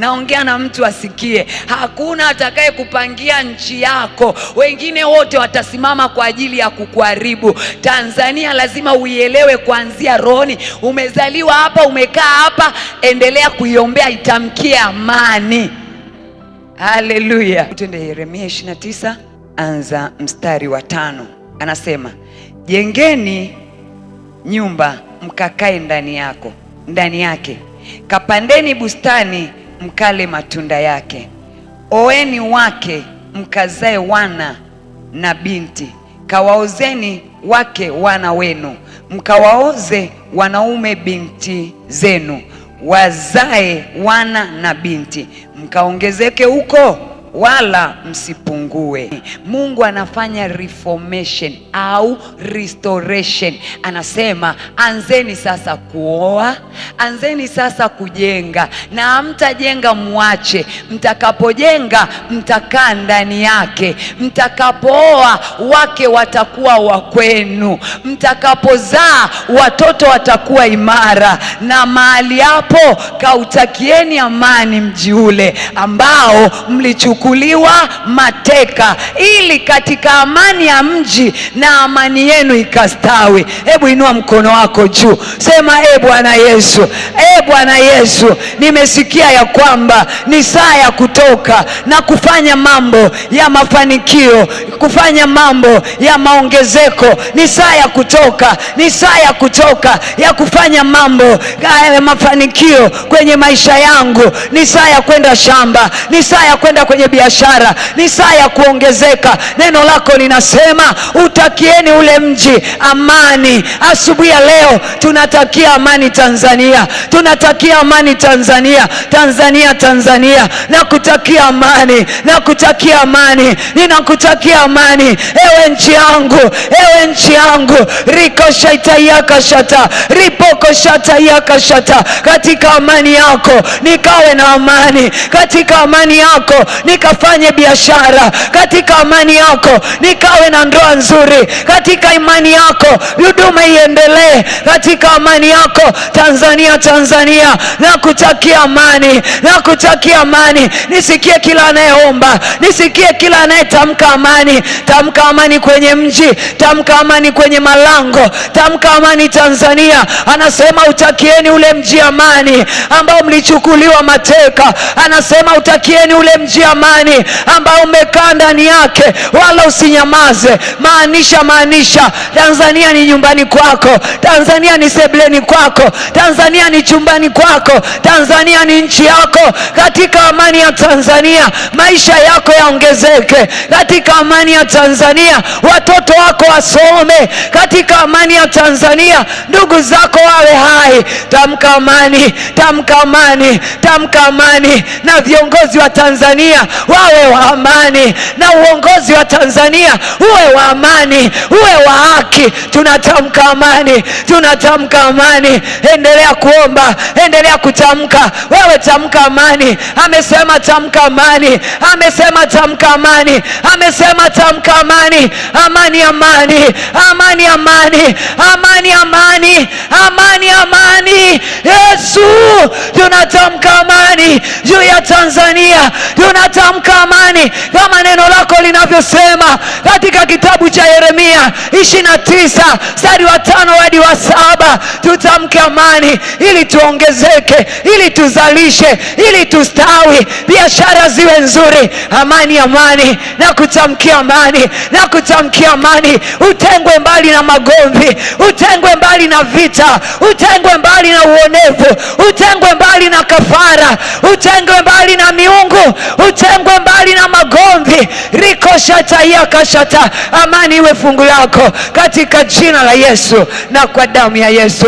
Naongea na mtu asikie. Hakuna atakaye kupangia nchi yako, wengine wote watasimama kwa ajili ya kukuharibu. Tanzania lazima uielewe kuanzia rohoni. Umezaliwa hapa, umekaa hapa, endelea kuiombea, itamkie amani. Haleluya, twende Yeremia 29 anza mstari wa tano, anasema jengeni nyumba mkakae ndani yako ndani yake, kapandeni bustani mkale matunda yake. Oeni wake mkazae wana na binti, kawaozeni wake wana wenu, mkawaoze wanaume binti zenu, wazae wana na binti, mkaongezeke huko wala msipungue. Mungu anafanya reformation au restoration. Anasema anzeni sasa kuoa, anzeni sasa kujenga, na hamtajenga mwache. Mtakapojenga mtakaa ndani yake, mtakapooa wake watakuwa wa kwenu, mtakapozaa watoto watakuwa imara, na mahali hapo kautakieni amani mji ule ambao mlichukua kuchukuliwa mateka, ili katika amani ya mji na amani yenu ikastawi. Hebu inua mkono wako juu, sema e Bwana Yesu, e Bwana Yesu, nimesikia ya kwamba ni saa ya kutoka na kufanya mambo ya mafanikio, kufanya mambo ya maongezeko. Ni saa ya kutoka, ni saa ya kutoka ya kufanya mambo ya mafanikio kwenye maisha yangu. Ni saa ya kwenda shamba, ni saa ya kwenda kwenye biashara, ni saa ya kuongezeka. Neno lako linasema utakieni ule mji amani. Asubuhi ya leo tunatakia amani Tanzania, tunatakia amani Tanzania, Tanzania, Tanzania, nakutakia amani, nakutakia amani, ninakutakia amani, ewe nchi yangu, ewe nchi yangu riko shaitayaka shata ripoko shata, katika amani yako nikawe na amani, katika amani yako ni nikafanye biashara katika amani yako, nikawe na ndoa nzuri katika imani yako, huduma iendelee katika amani yako. Tanzania, Tanzania, nakutakia amani, nakutakia amani. Nisikie kila anayeomba, nisikie kila anayetamka amani. Tamka amani kwenye mji, tamka amani kwenye malango, tamka amani Tanzania. Anasema utakieni ule mji amani ambao mlichukuliwa mateka, anasema utakieni ule mji amani imani ambayo umekaa ndani yake, wala usinyamaze. Maanisha, maanisha, Tanzania ni nyumbani kwako, Tanzania ni sebleni kwako, Tanzania ni chumbani kwako, Tanzania ni nchi yako. Katika amani ya Tanzania maisha yako yaongezeke, katika amani ya Tanzania watoto wako wasome, katika amani ya Tanzania ndugu zako wawe hai. Tamka amani, tamka amani, tamka amani. Na viongozi wa Tanzania wawe wa amani, na uongozi wa Tanzania uwe wa amani, uwe wa haki. Tunatamka amani, tunatamka amani. Endelea kuomba, endelea kutamka. Wewe tamka amani. Amesema tamka amani, amesema tamka amani, amesema tamka amani. Amani, amani, amani, amani, amani, amani, amani, amani. Yesu, tunatamka amani juu ya Tanzania. Tamka amani kama neno lako linavyosema katika kitabu cha Yeremia ishirini na tisa stari wa tano hadi wa saba tutamke amani ili tuongezeke, ili tuzalishe, ili tustawi, biashara ziwe nzuri. Amani, amani na kutamkia amani na kutamkia amani, utengwe mbali na magomvi, utengwe mbali na vita, utengwe mbali na uonevu, utengwe mbali na kafu. Amani iwe fungu lako katika jina la Yesu na kwa damu ya Yesu.